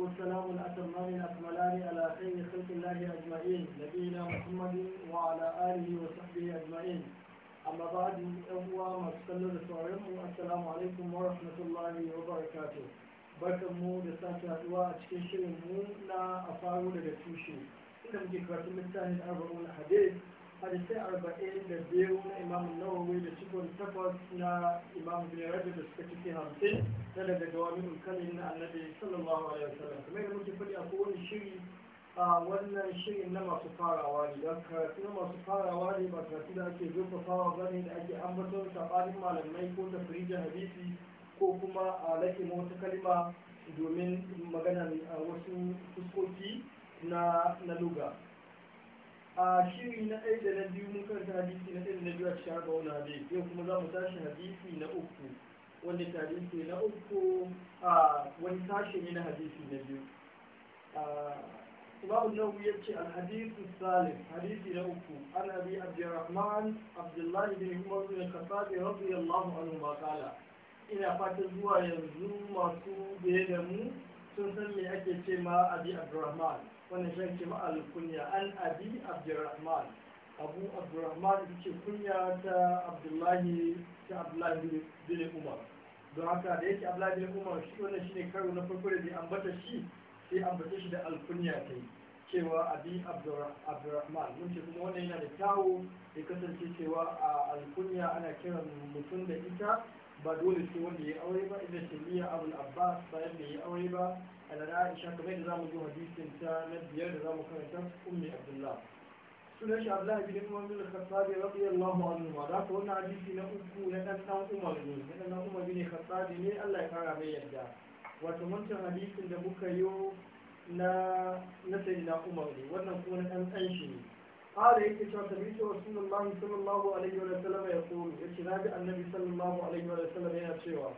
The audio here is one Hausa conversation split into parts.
والسلام الأتمان الأكملان على خير خلق الله أجمعين نبينا محمد وعلى آله وصحبه أجمعين أما بعد أهوى ما تسلل السلام عليكم ورحمة الله وبركاته barkan mu da sake haduwa a cikin shirin mu na a faru daga tushe inda muke karatun littafin arba'un hadith hadisai arba'in da biyu na imam nawawi da cikin takwas na imam bin da suka cike hamsin na daga jawabin kalin na annabi sallallahu alaihi wasallam kamar da muke faɗi a kowane shiri a wannan shirin na masu farawa ne don karatu na masu farawa ne ba karatu da ake zurfafawa ba ne da ake ambaton saɓanin malamai ko da firijin hadisi ko kuma a laƙi wata kalima domin maganar wasu fuskoki na luga a shiri na ɗaya da na biyu mun karanta hadisi na ɗaya da na biyu a cikin haka wani hadisi yau kuma za mu tashi hadisi na uku wanda hadisi na uku a wani tashi ne na hadisi na biyu imamu nawawi ya ce alhadisu salim hadisi na uku an abi abdurrahman abdullahi bin umar bin khattab radiyallahu anhu ma qala ina fatan zuwa yanzu masu biye da mu sun san me ake ce ma abi abdurrahman wani shan ke ma alkunya an abi abdurrahman abu abdurrahman ita ce kunya ta abdullahi ta abdullahi bin umar don haka da yake abdullahi bin umar shi wannan shi ne karo na farko da bai ambata shi sai ambata shi da alkunya ta yi cewa abi abdurrahman mun ce kuma wannan yana da kyawu ya kasance cewa a alkunya ana kiran mutum da ita ba dole sai wanda ya aure ba idan shari'a abu abbas bayan da ya aure ba a da aisha kamar da zamu zo hadisin ta na biyar da zamu karanta ummi abdullah sunan shi abdullah bin umar bin khattab radiyallahu anhu ma da ko wannan hadisi na uku na dan dan umar ne na dan umar bin khattab ne Allah ya kara mai yadda wato wancan hadisin da muka yi na na sayyidina umar ne wannan kuma na dan dan shi ne قال يكي شعر سمعت رسول الله صلى الله عليه وسلم يقول يكي ناجع النبي صلى الله عليه وسلم يا شيوا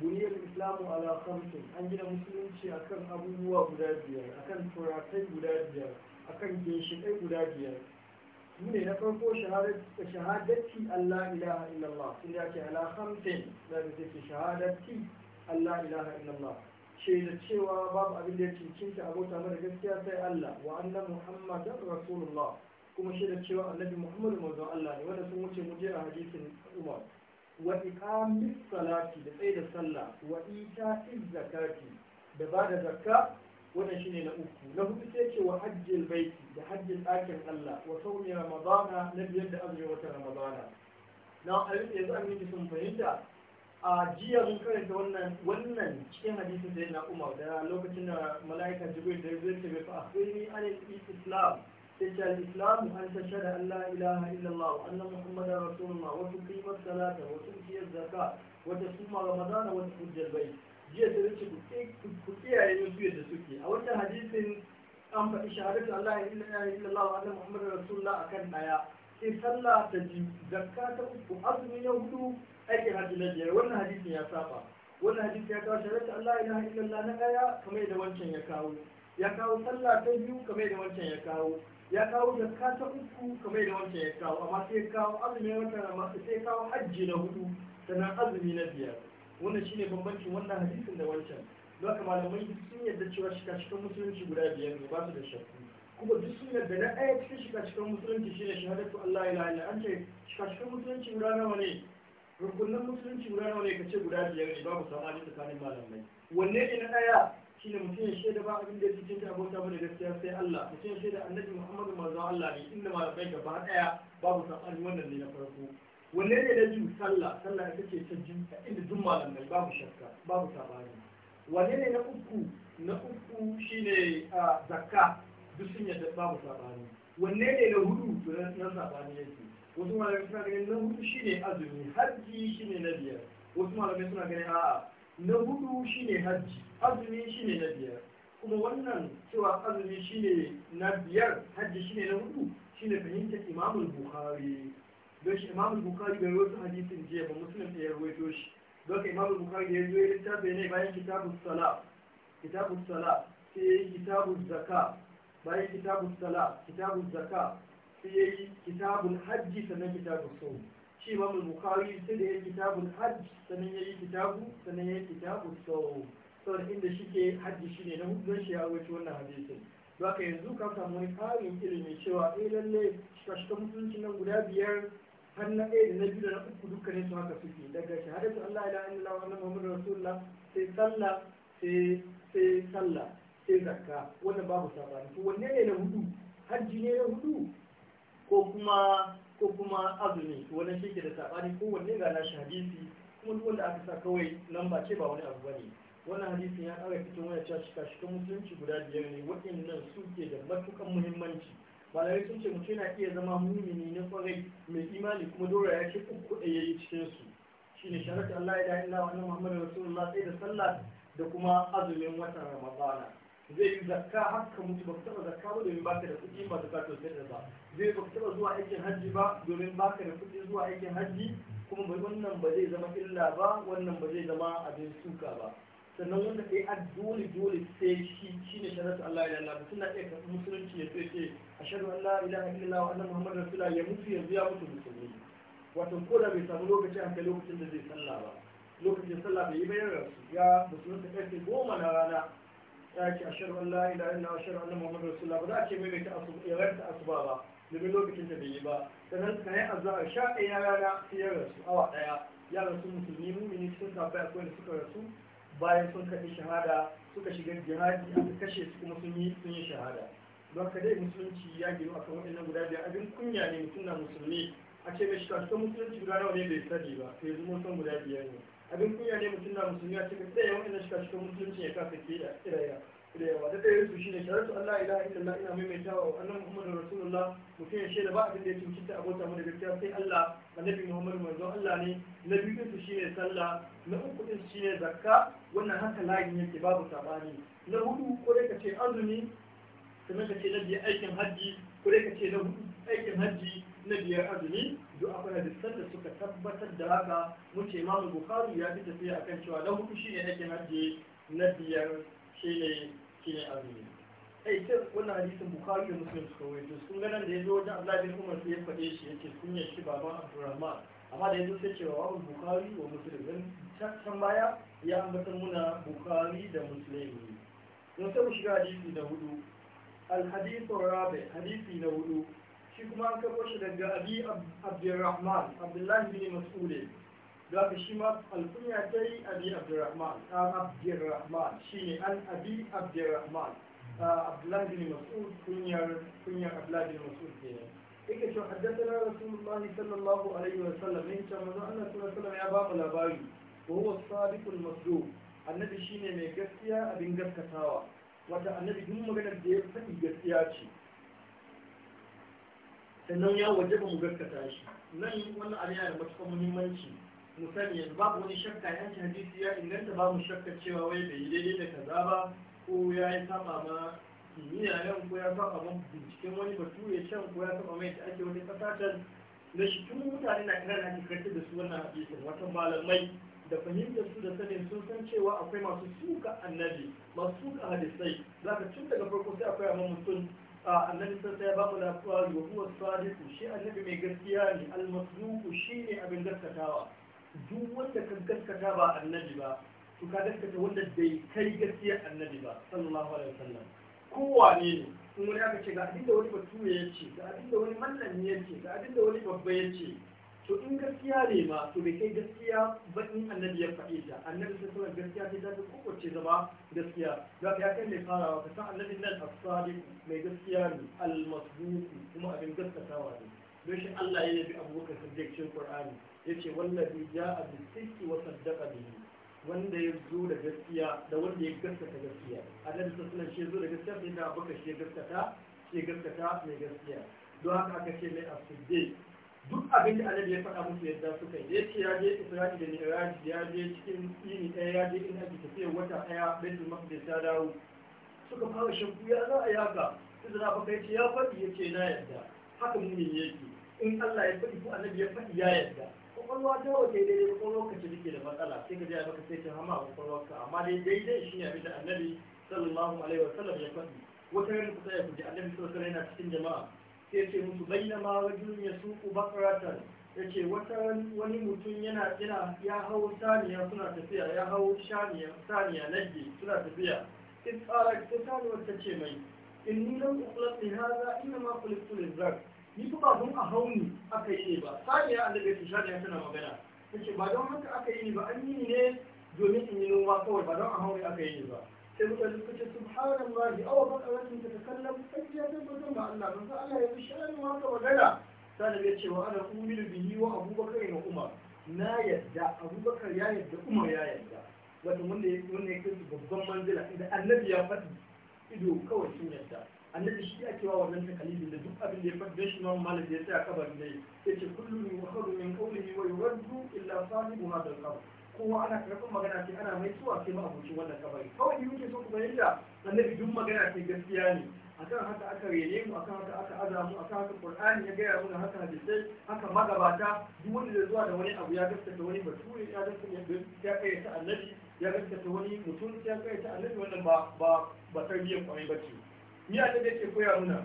بني الإسلام على خمس عندنا مسلم شيء أكن أبو هو بلادية أكن فراتي بلادية أكن جيشي بلادية shine na farko shahadatti Allah ilaha illallah sun ya ce ala hamsin da ta shahadatti Allah ilaha illallah ce da cewa babu abin da ya cincinta abota mara gaskiya sai Allah wa muhammad Muhammadan Rasulullah kuma shaidar cewa annabi muhammadu manzon Allah ne wanda sun wuce muje a hadisin umar wa iqamis salati da tsaye da sallah wa ita'iz zakati da ba da zakka wannan shine na uku na hudu sai ce wa hajjil baiti da hajjin ɗakin Allah wa saumi ramadana na biyar da azumi wata ramadana na alif yanzu an yi sun fahimta a jiya mun karanta wannan wannan cikin hadisin da yana umar da lokacin da mala'ika jibril da zai ce bai akwai akhbirni islam تجعل الإسلام أن تشهد أن لا إله إلا الله وأن محمدا رسول الله وتقيم الصلاة وتؤتي الزكاة وتصوم رمضان وتحج bai, jiya ta wuce ku kiyaye musu yadda suke a wannan hadisin an faɗi shahadatu Allah ya illa ya wa anna Muhammadar Rasulullah akan daya sai sallah ta ji zakka ta uku azumi ya hudu aikin hajji na biyar wannan hadisin ya saba wannan hadisin ya kawo shahadatu Allah ya illa na daya kamar da wancan ya kawo ya kawo sallah ta biyu kamar da wancan ya kawo ya kawo zakka ta uku kamar da wancan ya kawo amma sai ya kawo azumi wata amma sai ya kawo hajji na hudu sannan azumi na biyar wannan shine bambancin wannan hadisin da wancan don haka malamai sun yarda cewa shika-shikan musulunci guda biyar ne ba su da shakku kuma duk sun yarda na ɗaya cikin shika-shikan musulunci shine shahadatu Allah ila ila an ce shika-shikan musulunci guda nawa ne rukunan musulunci guda nawa ne kace guda biyar ne babu samani tsakanin malamai wanne ne na ɗaya shi ne mutum ya shaida ba abin da cikin ta abota ba da gaskiya sai Allah mutum ya shaida annabi Muhammadu manzon Allah ne inda malamai gaba daya babu sabani wannan ne na farko wanne ne da biyu sallah sallah ita ce ta biyu inda duk malam mai babu shakka babu sabani wanne ne na uku na uku shine zakka duk sun yadda babu sabani wanne ne na hudu to nan sabani yake wasu malamai suna ganin na hudu shine azumi hajji shine na biyar wasu malamai suna ganin a'a na hudu shine hajji azumi ne na biyar kuma wannan cewa azumi ne na biyar hajji shi ne na hudu shi ne fahimtar imamul bukhari don shi imamul bukhari bai rawaito hadisin jiya ba muslim ɗaya rawaito shi don ka imamul bukhari ya zo ya littafi ne bayan kitabu sala kitabu sala sai ya yi kitabun zaka bayan kitabu sala kitabu zaka sai ya yi kitabun hajji sannan kitabu sau shi imamul bukhari sai da ya yi kitabun hajji sannan ya yi kitabu sannan ya yi kitabu sau saboda inda shi ke hajji shi ne na hudun shi ya wuce wannan hadisin ba ka yanzu ka samu wani ƙarin ilimin cewa eh lalle shika-shika mutuncin nan guda biyar har na ɗaya da na biyu da na uku dukkanin su haka suke daga shahadatu Allah ila ila wa annabi Muhammadu Rasulullah sai sallah sai sai sallah sai zakka wannan babu sabani to wanne ne na hudu hajji ne na hudu ko kuma ko kuma azumi wannan shi ke da sabani ko wanne ga na hadisi kuma duk wanda aka sa kawai lamba ce ba wani abu ba ne. wannan hadisin ya kara cikin wani cikin shika kan musulunci guda biyar ne waɗannan suke da matukan muhimmanci malamai sun ce mutum yana iya zama mumini na kwarai mai imani kuma dora ya ce uku da ya yi cikin su shine sharatu Allah ya da'i Allah wannan Muhammadu Rasulullah sai da sallah da kuma azumin watan Ramadana zai yi zakka haka mutu ba ka zakka ba domin baka da kuɗi ba zakka to sai ba zai ba ka zuwa aikin hajji ba domin baka da kuɗi zuwa aikin hajji kuma wannan ba zai zama illa ba wannan ba zai zama abin suka ba sannan wanda sai a dole dole sai shi ne shahadatu Allah ya lalata suna iya karɓi musulunci ya sai ce eh, ashhadu an la ilaha illallah wa anna muhammadar rasulullah ya mutu yanzu ya mutu musulmi wato ko da bai samu lokacin hankali lokacin da zai sallah ba lokacin sallah bai yi ba bayan rasu ya musulunta karfe goma na rana ya ce ashhadu an la ilaha illallah wa ashhadu anna muhammadar rasulullah ba za a ce mai ta asuba ya ranta asuba ba domin lokacin da bai yi ba sannan sai azhar sha ɗaya rana sai ya rasu awa ɗaya ya rasu musulmi mumini sun tabbai akwai da suka rasu bayan sun kaɗi shahada suka shiga jihadi aka kashe su kuma sun yi sun yi shahada don ka dai musulunci ya gino kan waɗannan guda biyar abin kunya ne mutum na musulmi a ce mai shiga musulunci guda nawa ne bai sani ba sai yanzu mun san guda biyar ne abin kunya ne mutum na musulmi a ce ka tsaye waɗannan shiga musulunci ya kasa ke da da ɗaya su shi ne sharatu Allah ilaha Allah ina maimaitawa annabi Muhammadu Rasulullah mutum ya shaida ba abin da ya cincinta abota mu da gaskiya sai Allah annabi Muhammadu manzo Allah ne na biyu su shine sallah na uku din shine zakka wannan haka layin yake babu sabani na hudu ko dai ka kace azumi sannan ce na biyar aikin hajji ko dai ka ce na hudu aikin hajji na biyar azumi duk akwai hadisan da suka tabbatar da haka mu ce Imam Bukhari ya fi tafiya akan cewa na hudu shine aikin hajji na biyar shine shine azumi eh sai wannan hadisin bukhari da muslim suka rawaito sun ga nan da yazo wajen Abdullah bin Umar sai ya faɗe shi yace sun ya shi baban Abdurrahman amma da ya yazo sai cewa wa bukhari wa muslim don can baya ya ambata muna bukhari da muslim don sai mu shiga hadisi na hudu rabe, الحديث na hudu. Shi kuma an دقى أبي عبد الرحمن عبد الله بن مسعود Da ka shi ma alkunya ta yi abi abdurrahman an abdurrahman shi ne an abi abdurrahman abdullahi bin mas'ud kunyar kunyar abdullahi bin mas'ud ke ne yake cewa haddathana rasulullah sallallahu alaihi wa sallam ne cewa manzo Allah sallallahu alaihi ya ba mu labari wa huwa sadiqul masduq annabi shine mai gaskiya abin gaskatawa wata annabi duk maganar da ya faɗi gaskiya ce sannan ya wajaba mu gaskata shi nan wannan abin yana da matuƙar muhimmanci mu yanzu babu wani shakka yan hadisi ya inganta ba mu shakka cewa wai bai daidai da kaza ba ko ya yi saba ma kimiyya nan ko ya saba ma binciken wani ya can ko ya saba mai da ake wani kasashen da shi tun mutane na kiran ake karanta da su wannan hadisin wata malamai da fahimtar su da sanin sun san cewa akwai masu suka annabi masu suka hadisai za ka tun daga farko sai akwai amma mutum annabi sun sai ba mu lafiya zuwa huwa sadiqu shi annabi mai gaskiya ne al shi shine abin gaskatawa duk wanda ka gaskata ba annabi ba to ka gaskata wanda bai kai gaskiyar annabi ba sallallahu alaihi wasallam kowane ne in wani aka ce ga abin da wani bature ya ce ga abin da wani mallami ya ce ga abin da wani babba ya ce to in gaskiya ne ma to bai kai gaskiya ba in annabi ya faɗi ta annabi sai sanar gaskiya sai ta kowace zama gaskiya za ka ya kai mai farawa ka san annabi nan as mai gaskiya ne al kuma abin gaskatawa ne don shi Allah ya yabi abubakar siddiq cikin Qur'ani yace wallazi ja'a bil sidqi wa saddaqa bihi wanda ya zo da gaskiya da wanda ya gaskata gaskiya annabi sallallahu alaihi wasallam zo da gaskiya sai da baka shi gaskata shi gaskata mai gaskiya don haka aka ce mai as duk abin da annabi ya faɗa musu yadda suka yi yace ya je Isra'i da Mi'raj ya je cikin yini ɗaya ya je inda ake wata ɗaya Baitul Maqdis ya dawo suka fara shakku ya za a yaka Izra baka yace ya faɗi yace na yadda haka mumin yake in Allah ya faɗi ko annabi ya faɗi ya yadda kwakwalwa ta waje daidai kwakwalwa ka ce take da matsala sai ka ji a baka sai ta hama kwakwalwa ka amma dai daidai shine abin da annabi sallallahu alaihi sallam ya faɗi wata ran ku tsaya ku ji annabi sallallahu alaihi yana cikin jama'a sai ce musu bainama rajulun yasuqu baqratan yace wata wani mutum yana yana ya hawo saniya suna tafiya ya hawo saniya saniya nagge suna tafiya in tsara ta saniya ta ce mai inni lam ukhlaq li hadha inma khuliqtu lizak ni ku don a hauni aka yi ne ba sai ya annabi su shaɗi tana magana yace ba don haka aka yi ne ba an yi ne domin in yi noma kawai ba don a hauni aka yi ne ba sai mutane suka ce subhanallah bi awa baka wani ta takallam sai ya tabbatar ba Allah don Allah ya fi sha'ani haka magana sai da yace wa ana umilu bihi wa abubakar ya umar na yadda abubakar ya yadda umar ya yadda wato wanda ya kai babban manzila inda annabi ya faɗi ido kawai sun yadda annabi shi ake wa wannan takalidin da duk abin da ya faɗa shi ma malam ya tsaya kabari ne yace kullu min wakhadu min qawlihi wa yuraddu illa sahibu hadha al-qabr kowa ana karfin magana ce ana mai suwa sai ma abokin wannan kabari kawai yuke so ku yanda annabi duk magana ce gaskiya ne akan haka aka rene mu akan haka aka aza mu akan haka qur'ani ya gaya mana haka hadisai haka magabata duk wanda zai zuwa da wani abu ya gaskata wani bature ya gaskata ya kai ta annabi ya gaskata wani mutum ya kai ta annabi wannan ba ba ba tarbiyyar kwarai bace ni annabi yake koya muna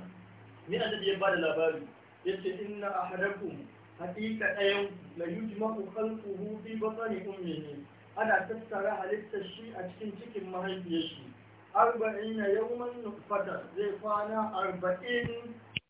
ni annabi ya bada labari yace inna ahadakum haqiqa dayan la yujma'u khalquhu fi batni ummihi ana tattara halittar shi a cikin cikin mahaifiyar shi arba'in yawman nufata zai kwana arba'in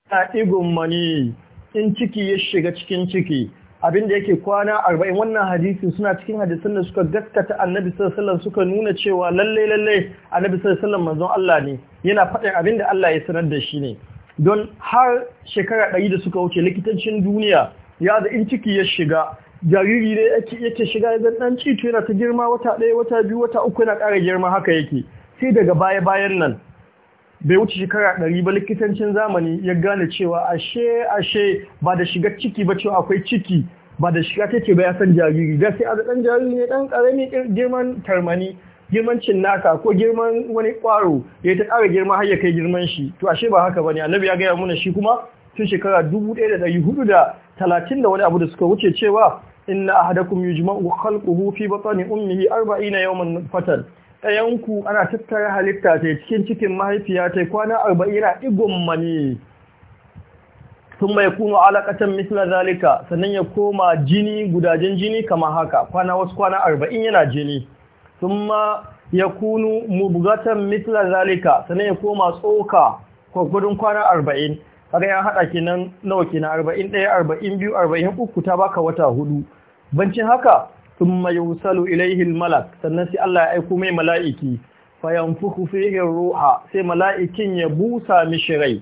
ta igun mani in ciki ya shiga cikin ciki abin da yake kwana arba'in, wannan hadisi suna cikin hadisan da suka gaskata annabi sallallahu suka nuna cewa lalle lalle annabi sallallahu manzon Allah ne yana faɗin abin da Allah ya sanar da shi ne don har shekara ɗari da suka wuce likitancin duniya ya da in ciki ya shiga jariri ne yake shiga ya zan ci to yana ta girma wata ɗaya wata biyu wata uku yana ƙara girma haka yake sai daga baya bayan nan bai wuce shekara ɗari ba likitancin zamani ya gane cewa ashe ashe ba da shiga ciki ba cewa akwai ciki ba da shiga take ba ya san jariri da sai a ɗan jariri ne ɗan ƙarami girman tarmani girman cinnaka ko girman wani ƙwaro ya ta ƙara girma har ya kai girman shi to ashe ba haka ba ne annabi ya gaya mana shi kuma tun shekara dubu ɗaya da ɗari hudu da talatin da wani abu da suka wuce cewa inna ahadakum yujma'u khalquhu fi batni ummihi arba'ina yawman fatal ɗayanku ana tattara halitta ta cikin cikin mahaifiya ta yi kwana arba'in yana igon mani sun mai kuno alaƙatan misla zalika sannan ya koma jini gudajen jini kama haka kwana wasu kwana arba'in yana jini sun ma ya kunu mubugatan misla zalika sannan ya koma tsoka kwakwadon kwana arba'in haka ya haɗa nan nawa na arba'in ɗaya arba'in biyu arba'in uku ta baka wata hudu bancin haka thumma yusalu ilaihi malak sannan sai Allah ya aiko mai mala'iki fa yanfukhu fihi ruha sai mala'ikin ya busa mishi rai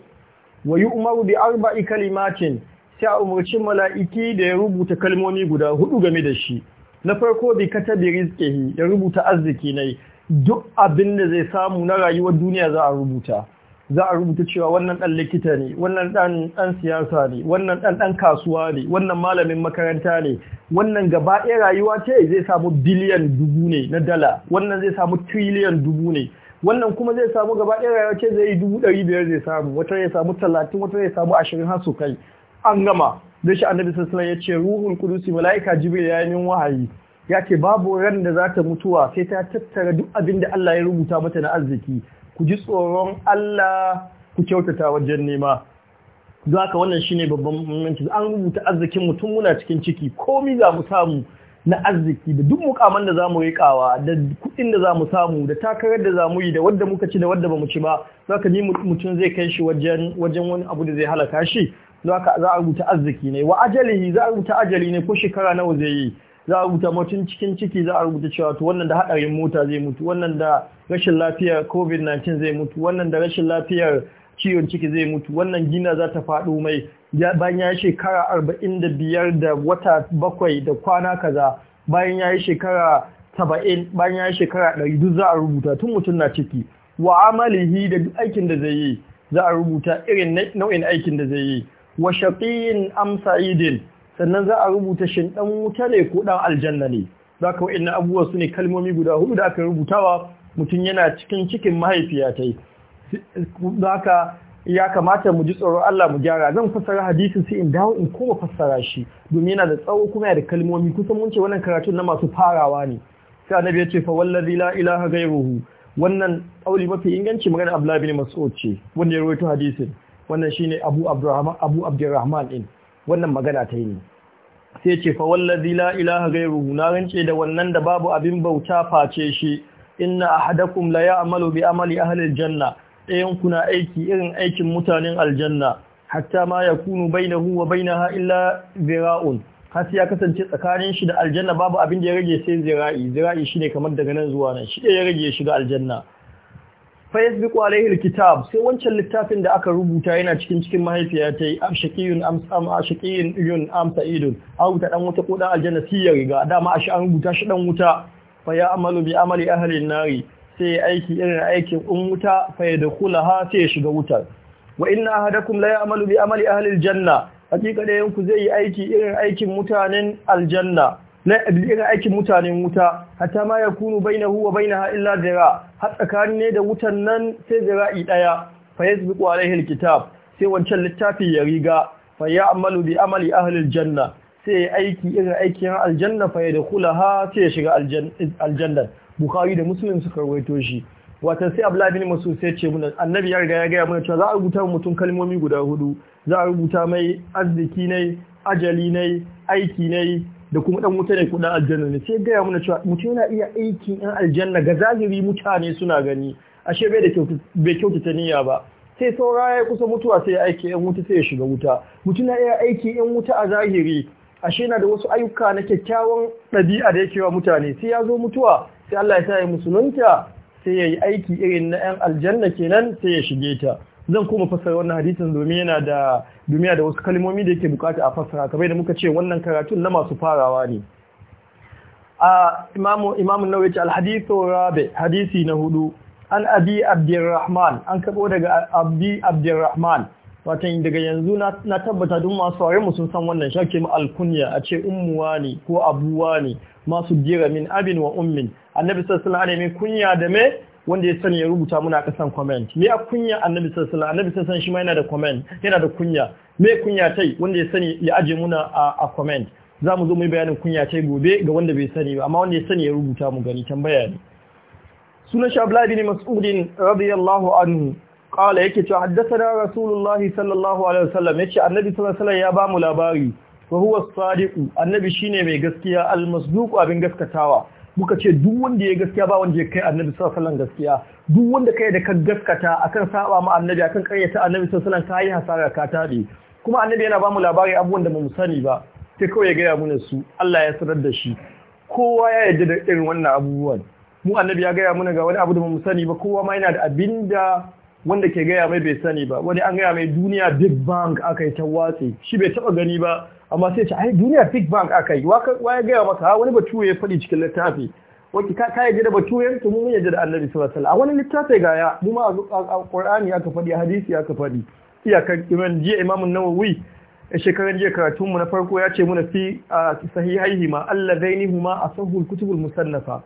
wa yu'maru bi arba'i kalimatin sai a umarci mala'iki da ya rubuta kalmomi guda hudu game da shi na farko bi katabi rizqihi ya rubuta arziki ne duk abinda zai samu na rayuwar duniya za a rubuta za a rubuta cewa wannan ɗan likita ne wannan ɗan ɗan siyasa ne wannan ɗan ɗan kasuwa ne wannan malamin makaranta ne wannan gaba ɗaya rayuwa ce zai samu biliyan dubu ne na dala wannan zai samu triliyan dubu ne wannan kuma zai samu gaba ɗaya rayuwa ce zai yi dubu ɗari biyar zai samu wata ya samu talatin wata ya samu ashirin har su kai an gama da shi annabi sallallahu ya ce ruhul qudusi malaika jibril ya yi min wahayi ya ce babu ran da za ta mutuwa sai ta tattara duk abin da Allah ya rubuta mata na arziki ku ji tsoron Allah ku kyautata wajen nema za ka wannan shi ne babban muhimmanci an rubuta arzikin mutum muna cikin ciki komi za mu samu na arziki da duk mukaman da za mu riƙawa da kuɗin da za mu samu da takarar da za mu yi da wadda muka ci da wadda ba mu ci ba za ka ji mutum zai kai shi wajen wani abu da zai halaka shi za a rubuta arziki ne wa Ajali, za a rubuta ajali ne ko shekara nawa zai yi za a rubuta mutum cikin ciki za a rubuta cewa to wannan da hadarin mota zai mutu wannan da rashin lafiyar covid-19 zai mutu wannan da rashin lafiyar ciwon ciki zai mutu wannan gina za ta faɗo mai bayan ya yi shekara arba'in da biyar da wata bakwai da kwana kaza bayan ya yi shekara saba'in bayan ya yi shekara ɗari duk za a rubuta tun mutum na ciki wa amalihi da duk aikin da zai yi za a rubuta irin nau'in aikin da zai yi wa shaqiyin am sa'idin sannan za a rubuta shin dan wuta ne ko dan aljanna ne za ka wa'in abubuwa su ne kalmomi guda hudu da aka rubutawa mutum yana cikin cikin mahaifiya ta yi haka ya kamata mu ji tsoron Allah mu gyara zan fassara hadisin sai in dawo in koma fassara shi domin yana da tsawo kuma yana da kalmomi kusan mun ce wannan karatun na masu farawa ne sai annabi ya ce fa wallazi la ilaha ghayruhu wannan kauli mafi inganci magana Abdullahi bin Mas'ud ce wanda ya rawaito hadisin wannan shine Abu Abdurrahman Abu Abdurrahman din wannan magana ta yi ne. sai ce fa wallazi la ilaha ghayruhu na rance da wannan da babu abin bauta face shi inna ahadakum la ya'malu bi amali ahli janna. ɗayan kuna aiki irin aikin mutanen aljanna hatta ma yakunu bainahu wa bainaha illa zira'un har ya kasance tsakanin shi da aljanna babu abin da ya rage sai zira'i zira'i ne kamar daga nan zuwa nan shi ya rage ya shiga aljanna fayasbiqu alaihi alkitab sai wancan littafin da aka rubuta yana cikin cikin mahaifiya ta yi am shaqiyun am am ashqiyun yun am sa'idun au ta dan wuta ko dan aljanna sai ya riga dama ashi an rubuta shi dan wuta fa ya amalu bi amali ahli nari sai aiki irin aikin un wuta fa yadkhulaha sai ya shiga wutar wa inna ahadakum la ya'malu bi amali ahli Janna, hakika da yanku zai yi aiki irin aikin mutanen aljanna na irin aikin mutanen wuta hatta ma yakunu bainahu wa bainaha illa zira har ne da wutan nan sai zira'i daya fa yasbiqu alaihi alkitab sai wancan littafi ya riga fa ya'malu bi amali ahli janna. sai aiki irin aikin aljanna fa yadkhulaha sai ya shiga aljanna bukhari da muslim suka rawaito shi wata sai abdullahi bin mas'ud sai ce mun annabi ya riga ya ga mun cewa za a rubuta mutum kalmomi guda hudu za a rubuta mai arziki nai ajali nai aiki nai da kuma ɗan wuta ne aljanna ne sai gaya mana cewa mutum yana iya aikin yan aljanna ga zahiri mutane suna gani ashe bai da bai kyautata niyya ba sai saura ya kusa mutuwa sai ya aiki yan wuta sai ya shiga wuta mutum na iya aiki yan wuta a zahiri ashe na da wasu ayyuka na kyakkyawan ɗabi'a da yake wa mutane sai ya zo mutuwa sai Allah ya sa ya musulunta sai ya yi aiki irin na yan aljanna kenan sai ya shige ta zan kuma fasara wannan hadisin domin yana da duniya da wasu kalmomi da yake bukata a fasara. kamar da muka ce wannan karatun na masu farawa ne a imamu imamu nawawi alhadithu rabi hadisi na hudu an abi abdurrahman an kabo daga abi abdurrahman wato daga yanzu na tabbata duk masu sauraron sun san wannan shakki mu alkunya a ce ummuwa ne ko abuwa ne masu dira min abin wa ummin annabi sallallahu alaihi wasallam kunya da me wanda ya sani ya rubuta muna kasan comment me ya kunya annabi sallallahu annabi shi ma yana da comment yana da kunya me kunya tai wanda ya sani ya aje muna a comment za mu zo mu yi bayanin kunya tai gobe ga wanda bai sani ba amma wanda ya sani ya rubuta mu gani tambaya ne sunan shabla bin mas'udin radiyallahu anhu qala yake cewa haddathana rasulullahi sallallahu alaihi wasallam yace annabi sallallahu ya ba mu labari wa huwa annabi shine mai gaskiya al-masduq abin gaskatawa muka ce duk wanda ya gaskiya ba wanda ya kai annabi sallallahu alaihi wasallam gaskiya duk wanda kai da ka gaskata akan saba ma annabi akan karyata annabi sallallahu alaihi wasallam kai hasara ka tabe kuma annabi yana ba mu labari abubuwan da mu sani ba sai kawai ya gaya mana su Allah ya sanar da shi kowa ya yarda da irin wannan abubuwan mu annabi ya gaya mana ga wani abu da mu sani ba kowa ma yana da abinda wanda ke gaya mai bai sani ba wani an gaya mai duniya big bank aka yi ta watsi shi bai taba gani ba amma sai ce ai duniya big bank aka yi wa ya gaya maka wani bature ya faɗi cikin littafi wani ka ka yaje da bature mu mun yaje da annabi sallallahu alaihi wasallam a wani littafi gaya mu ma a aka faɗi hadisi aka faɗi Iyakan imam jiya imam an-nawawi shekaran jiya karatun mu na farko ya ce muna fi sahihaihi ma allazaini huma asahul kutubul musannafa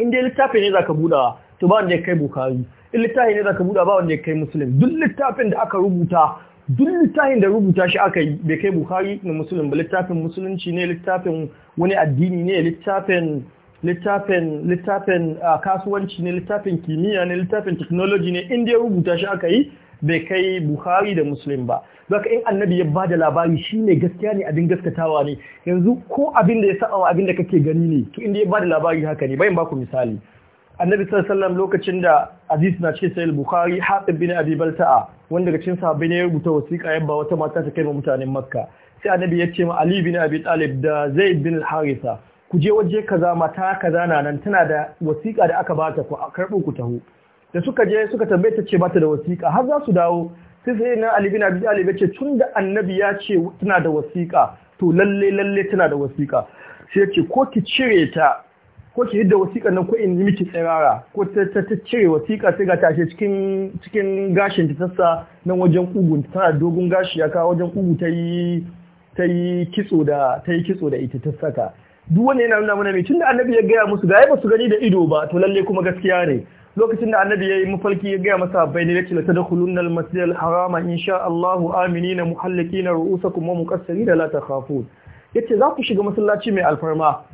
in dai littafi ne zaka budawa to ba wanda ya kai bukari in littafi ne zaka buɗa ba wanda ya kai musulun duk littafin da aka rubuta duk littafin da rubuta shi aka yi bai kai bukari na musulun ba littafin musulunci ne littafin wani addini ne littafin littafin littafin ah, kasuwanci ne littafin kimiyya ne littafin technology ne in dai rubuta shi aka yi bai kai bukari da musulun ba. Zaka in annabi ya bada labari shi ne gaskiya ne abin gaskatawa ne yanzu ko abin da ya sa'awa abin da kake gani ne to inda ya bada labari haka ne bayan baku misali annabi sallallahu lokacin da Aziz na cikin sahih bukhari hatib bin abi balta'a wanda daga cikin sahabbai ne ya rubuta wasiƙa yabba wata mata ta kai wa mutanen makka sai annabi ya ce ma ali bin abi talib da zaid bin harisa ku je waje kaza mata kaza na nan tana da wasiƙa da aka bata ku karɓo ku taho da suka je suka tambaye ta ce bata da wasiƙa har za su dawo sai sai na ali bin abi talib ya ce tun da annabi ya ce tana da wasiƙa to lalle lalle tana da wasiƙa sai ya ce ko ki cire ta ko ki yadda wasiƙar nan ko in yi miki tsirara ko ta cire wasiƙa sai ga tashe cikin cikin gashin ta sassa nan wajen kugun tana dogon gashi ya kawo wajen kugu ta yi ta yi kitso da ta yi kitso da ita ta saka duk wanda yana nuna mana mai tunda annabi ya gaya musu ga ya su gani da ido ba to lalle kuma gaskiya ne lokacin da annabi ya yi mafarki ya gaya masa bai ne yace la tadkhulunnal al harama insha Allahu aminina muhallikina ru'usakum wa muqassirina la takhafun yace za ku shiga masallaci mai alfarma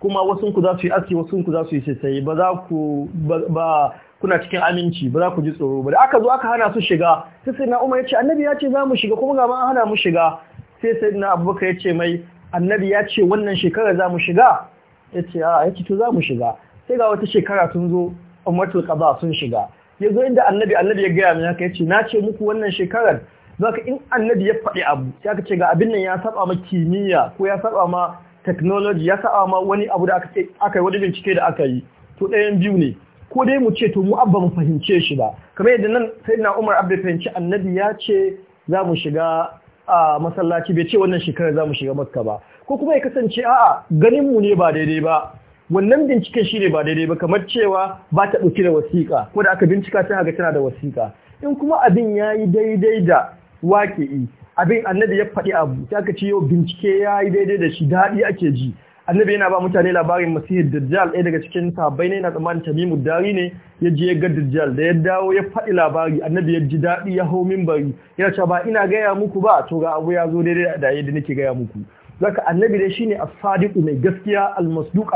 kuma wasu ku za su yi aski wasu ku za su yi sai ba za ku ba kuna cikin aminci ba za ku ji tsoro ba da aka zo aka hana su shiga sai sai na umar ya ce annabi ya ce za mu shiga kuma ga ma hana mu shiga sai sai na abubakar ya ce mai annabi ya ce wannan shekara za mu shiga ya ce a ya to za mu shiga sai ga wata shekara sun zo ummatul qada sun shiga ya zo inda annabi annabi ya gaya mai haka ya ce na ce muku wannan shekarar zaka in annabi ya faɗi abu sai aka ce ga abin nan ya saba ma kimiyya ko ya saba ma technology ya sa ma wani abu da aka yi wani bincike da aka yi to ɗayan biyu ne ko dai mu ce to mu abba mu fahimce shi ba kamar yadda nan sai na umar abba fahimci annabi ya ce za mu shiga a masallaci bai ce wannan shekarar za mu shiga makka ba ko kuma ya kasance a'a ganin mu ne ba daidai ba wannan binciken shi ne ba daidai ba kamar cewa ba ta ɗauki da wasiƙa ko da aka bincika sai ga tana da wasiƙa in kuma abin ya yi daidai da waƙi'i abin annabi ya faɗi abu sai aka ce yau bincike ya yi daidai da shi daɗi ake ji annabi yana ba mutane labarin masihir dajjal ɗaya daga cikin sahabbai ne na tsammanin tamimu dari ne ya je ya ga dajjal da ya dawo ya faɗi labari annabi ya ji daɗi ya hau mimbari yana cewa ba ina gaya muku ba to ga abu ya zo daidai da yadda nake gaya muku zaka annabi dai shine as-sadiqu mai gaskiya al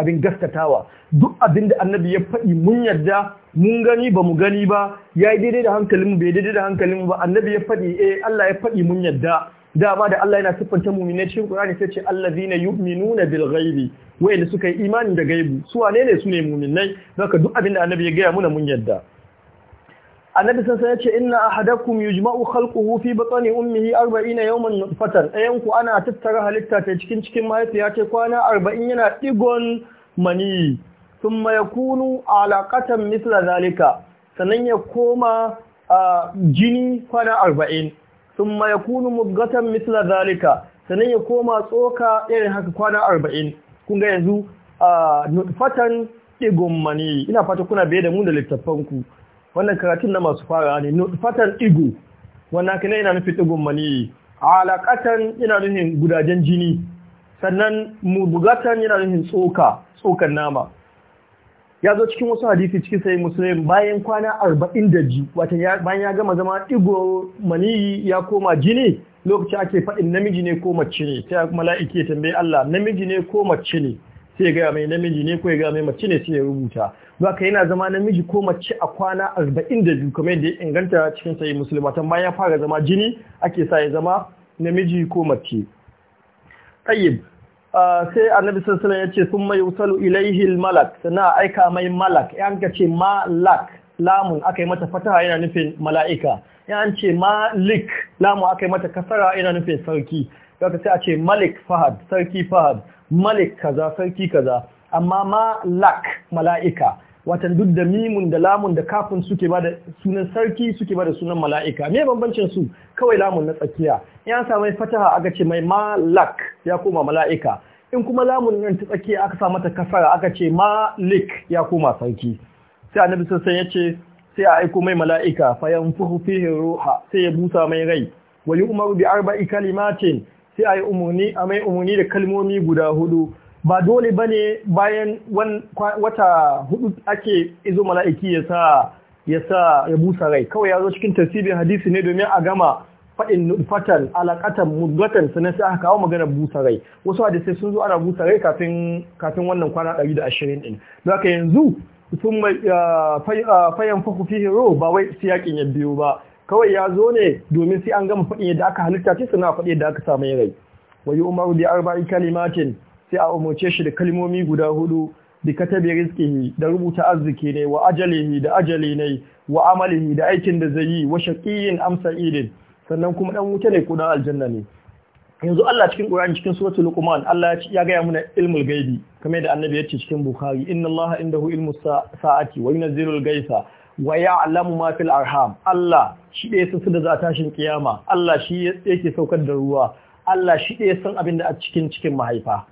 abin gaskatawa duk abin da annabi ya faɗi mun yarda mun gani ba mu gani ba ya yi daidai da hankalin mu bai daidai da hankalin mu ba annabi ya faɗi eh Allah ya faɗi mun yarda dama da Allah yana siffanta mu'minai cikin Qur'ani sai ce allazina yu'minuna bil ghaibi wayanda suka yi imani da gaibu su wane ne su ne mu'minai zaka duk abin da annabi ya gaya muna mun yarda annabi sun sai ce inna ahadakum yujma'u khalquhu fi batni ummihi 40 yawman fatan ɗayan ku ana tattara halitta ta cikin cikin mahaifiya ta kwana 40 yana digon mani thumma yakunu alaqatan mithla zalika sannan ya koma jini kwana 40 thumma yakunu mubghatan mithla zalika sannan ya koma tsoka irin haka kwana arba'in kun ga yanzu a nutfatan ɗigon mani ina fata kuna bai da mu da littattafanku wannan karatun na masu fara ne fatan igu wannan ne ina nufi igun mani alaƙatan yana nufin gudajen jini sannan mubugatan yana nufin tsoka tsokan nama ya zo cikin wasu hadisi cikin sai musulun bayan kwana arba'in da biyu wata bayan ya gama zama ɗigo maniyi ya koma jini lokacin ake faɗin namiji ne ko mace ne sai mala'ike ya tambayi Allah namiji ne ko mace ne sai ya gaya mai namiji ne ko ya gaya mai mace ne sai ya rubuta Zaka yana zama namiji ko mace a kwana arba'in da 42 kamar yadda ya inganta cikin sayi musulma tan bayan fara zama jini ake sa ya zama namiji ko mace. Tayyib sai annabi sallallahu alaihi wasallam ya ce summa yusalu ilaihi malak sana aika mai malak ya ka ce malak lamun aka yi mata fataha yana nufin mala'ika Ya an ce malik lamun aka yi mata kasara yana nufin sarki Ya ka sai a ce malik fahad sarki fahad malik kaza sarki kaza amma Ma lak mala'ika watan duk da mimun da lamun da kafin suke ba sunan sarki suke ba da sunan mala'ika me bambancin su kawai lamun na tsakiya ya sa mai fataha aka ce mai Ma lak ya koma mala'ika in kuma lamun nan ta tsakiya aka sa mata kasara aka ce Ma lik ya koma sarki sai annabi sassan ya ce sai a aiko mai mala'ika fa yanfuhu fihi ruha sai ya busa mai rai wa umaru bi arba'i kalimatin sai a yi umarni a mai umarni da kalmomi guda hudu ba dole ba ne bayan wata hudu ake izo mala'iki ya sa ya sa ya busa rai kawai ya zo cikin tasibin hadisi ne domin a gama faɗin fatan alaƙatan mugatan, sannan sai aka kawo maganar busa rai wasu hadisai sun zo ana busa rai kafin wannan kwana 120 ɗin don haka yanzu sun fayan fahu fihin ro ba wai su siyakin ya biyo ba kawai ya zo ne domin sai an gama faɗin yadda aka halitta ce sannan faɗin yadda aka samu rai wa umaru bi arba'i kalimatin sai a umarce shi da kalmomi guda hudu bi katabi da rubuta arziki ne wa ajalihi da ajali ne wa amalihi da aikin da zai yi wa shaqiyyin amsa idin, sannan kuma ɗan wuta ne ko aljanna ne yanzu Allah cikin Qur'ani cikin suratul Luqman Allah ya gaya mana ilmul gaibi kamar da Annabi ya cikin Bukhari inna Allah indahu ilmu sa'ati wa yunzilul gaisa wa ya'lamu ma fil arham Allah shi da yasan da za tashin kiyama Allah shi yake saukar da ruwa Allah shi da yasan abin da a cikin cikin mahaifa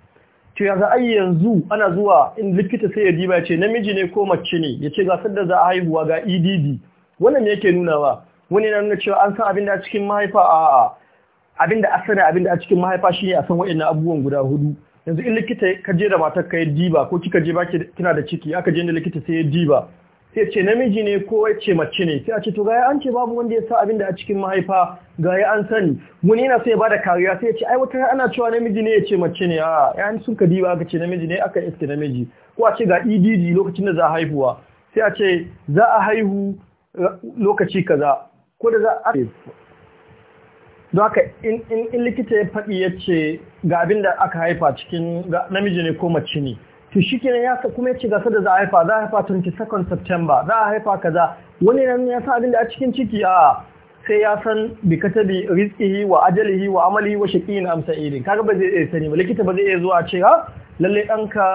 to yanzu ai yanzu ana zuwa in likita sai ya diba ce namiji ne ko mace ne ya ce gasar da za a haihuwa ga EDD wannan yake ba? wani na nuna cewa an san abin da a cikin mahaifa a'a abin da asana abin da a cikin mahaifa shine a san wa'annan abubuwan guda hudu yanzu in likita ka je da matar ka ya diba ko kika je ba kina da ciki aka je da likita sai ya diba sai ce namiji ne ko ce mace ne sai a ce to gaya an ce babu wanda ya sa abin da a cikin mahaifa gaya an sani wani yana sai ba da kariya sai ya ce ai wata ana cewa namiji ne ya ce mace ne a yan sun ka diba aka ce namiji ne aka iske namiji ko a ce ga EDD lokacin da za a haihuwa sai a ce za a haihu eh, lokaci kaza ko da za a eh. don haka in likita ya faɗi ya ce ga abin da aka haifa cikin namiji ne ko mace ne to shi kenan ya kuma ya ci gasa da za a haifa za a haifa 22 September za a haifa kaza wani nan ya sa abin da a cikin ciki a sai ya san bi katabi rizqihi wa ajalihi wa amalihi wa shaqiyin amsa sa'idin kaga ba zai iya sani ba likita ba zai iya zuwa ce ha lalle danka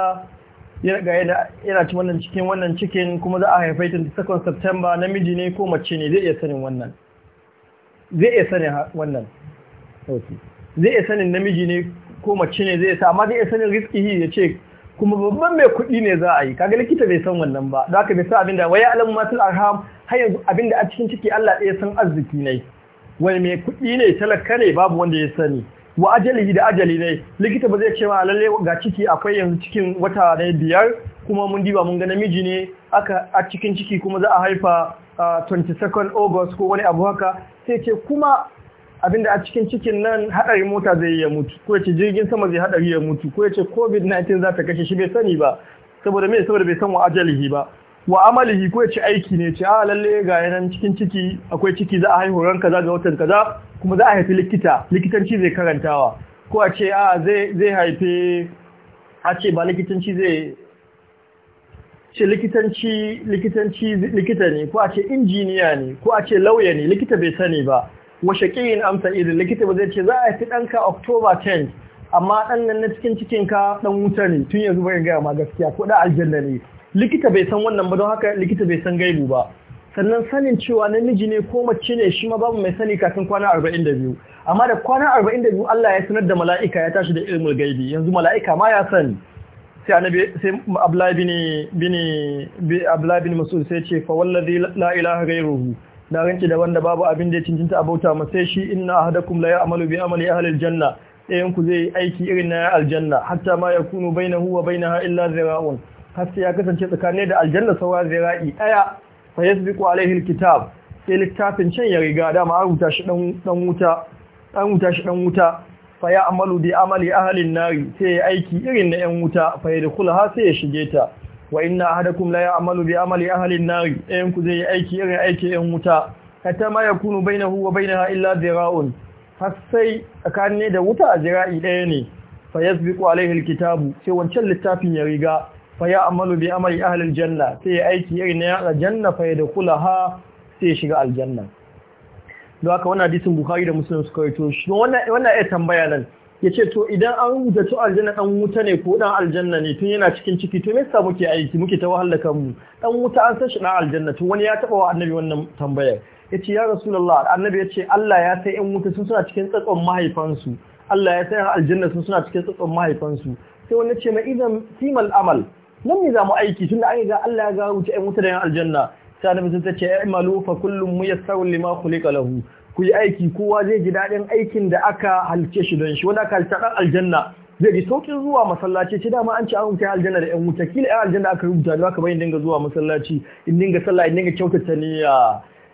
ga yana yana ci wannan cikin wannan cikin kuma za a haifa 22 September namiji ne ko mace ne zai iya sanin wannan zai iya sanin wannan zai iya sanin namiji ne ko mace ne zai sa amma zai iya sanin rizqihi ya ce kuma babban mai kuɗi ne za a yi kaga likita bai san wannan ba za ka bai san abinda waya alamu masul arham har yanzu abinda a cikin ciki Allah ya san arziki ne wani mai kuɗi ne talaka ne babu wanda ya sani wa ajali da ajali ne likita ba zai ce ma lalle ga ciki akwai yanzu cikin wata ne biyar kuma mun diba mun ga namiji ne aka a cikin ciki kuma za a haifa 22nd ah, August ko wani abu haka sai ce kuma abinda a cikin cikin nan hadari mota zai yi ya mutu ko ya ce jirgin sama zai hadari ya mutu ko ya ce covid-19 za ta kashe shi bai sani ba saboda me saboda bai san wa ajalihi ba wa amalihi ko ya ce aiki ne ce a ah, lalle ga yanan cikin ciki akwai ciki za a haihu ran kaza ga watan kaza kuma za a haifi likita likitanci zai karantawa ko a ce a ah, zai zai haife a ce ba likitanci zai ce likitanci likitanci likita ne ko a ce injiniya ne ko a ce lauya ne likita bai sani ba wa shaqiyin amsa sa'id likita ba zai ce za a fi ɗanka October 10 amma dan nan na cikin cikin ka dan wuta ne tun yanzu bai gaya ma gaskiya ko da aljanna ne likita bai san wannan ba don haka likita bai san gaibu ba sannan sanin cewa namiji ne ko mace ne shi ma babu mai sani kafin kwana 42 amma da kwana 42 Allah ya sanar da mala'ika ya tashi da ilmul gaidi yanzu mala'ika ma ya sani sai annabi sai Abdullah bin bin sai ce fa wallazi la ilaha na rance da wanda babu abin da ya cincinta a bauta masai shi inna ahadakum la ya'malu bi amali ahli aljanna ɗayan ku zai aiki irin na aljanna hatta ma yakunu bainahu wa bainaha illa zira'un har ya kasance tsakanin da aljanna saura zira'i daya fa yasbiqu alayhi alkitab sai littafin can ya riga dama an rubuta shi dan wuta an wuta shi dan wuta fa ya'malu bi amali ahli an-nari sai aiki irin na yan wuta fa yadkhulaha sai ya shige ta wa inna ahadakum la ya'malu bi amali ahli an-nar ayyun ku zai aiki irin aiki ayyun wuta hatta ma yakunu bainahu wa bainaha illa zira'un har sai tsakanin da wuta zira'i daya ne fa yasbiqu alayhi al-kitabu sai wancan littafin ya riga fa ya'malu bi amali ahli al-janna sai ya aiki irin na janna fa yadkhulaha sai ya shiga aljanna don haka wannan hadisin bukhari da muslim suka rawaito shi wannan wannan tambaya nan ya ce to idan an zato aljanna dan wuta ne ko dan aljanna ne tun yana cikin ciki to me yasa muke aiki muke ta wahalar kanmu dan wuta an san shi dan aljanna to wani ya taba wa annabi wannan tambayar yace ya rasulullah annabi ce Allah ya sai in wuta sun suna cikin tsatson mahaifansu Allah ya sai aljanna sun suna cikin tsatson mahaifansu sai wani ce ma idan simal amal nan ne za mu aiki tunda an ga Allah ya ga wuta in wuta da yan aljanna sai annabi sun ce ya imalu fa kullum muyassarun lima khuliqa lahu ku yi aiki kowa zai ji daɗin aikin da aka halice shi don shi wanda aka halice ɗan aljanna zai ji sauƙin zuwa masallaci ce dama an ce an rubuta aljanna da 'yan wuta kila 'yan aljanna aka rubuta da aka bayin dinga zuwa masallaci in dinga sallah in dinga kyautata niyya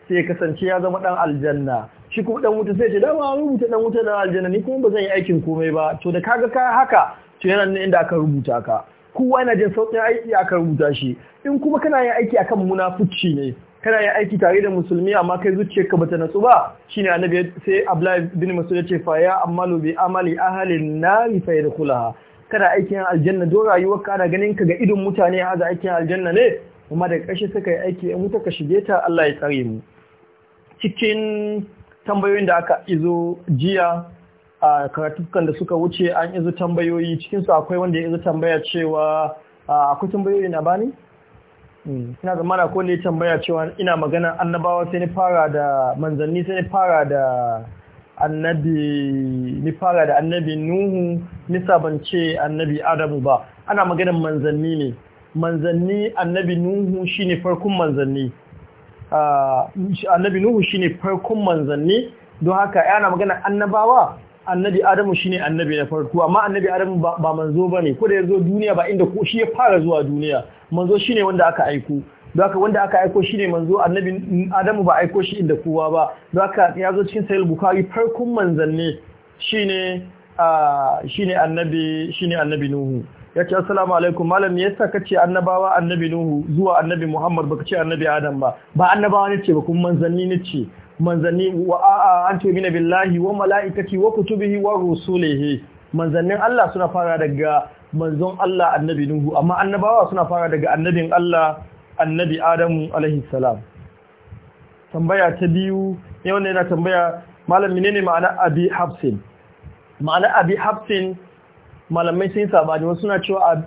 sai kasance ya zama ɗan aljanna shi kuma ɗan wuta sai ce dama an rubuta ɗan wuta da aljanna ni kuma ba zan yi aikin komai ba to da kaga ka haka to yana nan inda aka rubuta ka kowa yana jin sauƙin aiki aka rubuta shi in kuma kana yin aiki akan munafuci ne kana yin aiki tare da musulmi amma kai zuciyar ka bata natsu ba Shi shine annabi sai Abdullahi bin Mas'ud ya ce fa ya amalu bi amali ahlin nari fa yadkhulaha kana aikin aljanna do rayuwar ka ana ganin ka ga idon mutane a ga aikin aljanna ne Amma daga ƙarshe suka yi aiki in wuta ka shige ta Allah ya tsare mu cikin tambayoyin da aka izo jiya a karatukan da suka wuce an izo tambayoyi cikinsu akwai wanda ya izo tambaya cewa akwai tambayoyi na bani ina zamana ko ne tambaya cewa ina magana annabawa sai ni fara da manzanni sai ni fara da annabi ni fara da annabi nuhu ni sabance annabi adamu ba ana maganar manzanni ne manzanni annabi nuhu shine farkon manzanni ah, annabi nuhu shine farkon manzanni don haka yana magana annabawa annabi adamu shine annabi na farko amma annabi adamu ba manzo bane ko da yazo duniya ba inda ko shi ya fara zuwa duniya manzo shine wanda aka aiko haka wanda aka aiko shi manzo annabi Adamu ba aiko shi inda kowa ba. Daka ya zo cikin Sahih Bukhari farkon manzanni shine shine annabi shine annabi Nuhu. Ya ce assalamu alaikum malam yasa kace annabawa annabi Nuhu zuwa annabi Muhammad baka ce annabi Adam ba. Ba annabawa ne ce ba kuma manzanni ne ce. manzanni wa an mina billahi wa mala'ikati wa kutubihi wa rusulihi manzannin Allah suna fara daga manzon Allah annabi Nuhu amma annabawa suna fara daga annabin Allah annabi Adamu alaihi salam tambaya ta biyu yau ne na tambaya malam menene ma'ana abi hafsin ma'ana abi hafsin malamai sun sabani wasu suna cewa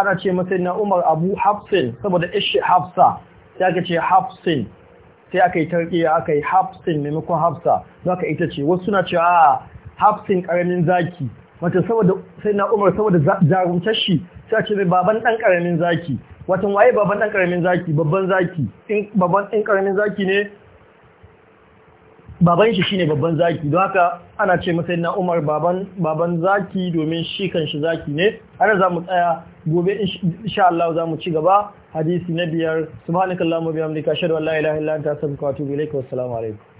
ana ce masa na Umar Abu Hafsin saboda ishi Hafsa sai aka ce Hafsin sai aka yi tarkiya aka yi hafsin maimakon hafsa don aka ita ce wasu suna cewa a hafsin karamin zaki wata saboda sai na umar saboda jarumtar shi sai ce mai baban dan karamin zaki watan waye baban dan karamin zaki babban zaki in baban dan karamin zaki ne baban shi shine babban zaki don haka ana ce masa na Umar baban baban zaki domin shi kanshi zaki ne ana mu tsaya gobe insha Allah mu ci gaba hadisi na biyar subhanakallahumma bihamdika ashhadu an la ilaha illa anta astaghfiruka wa atubu ilaik wa assalamu alaikum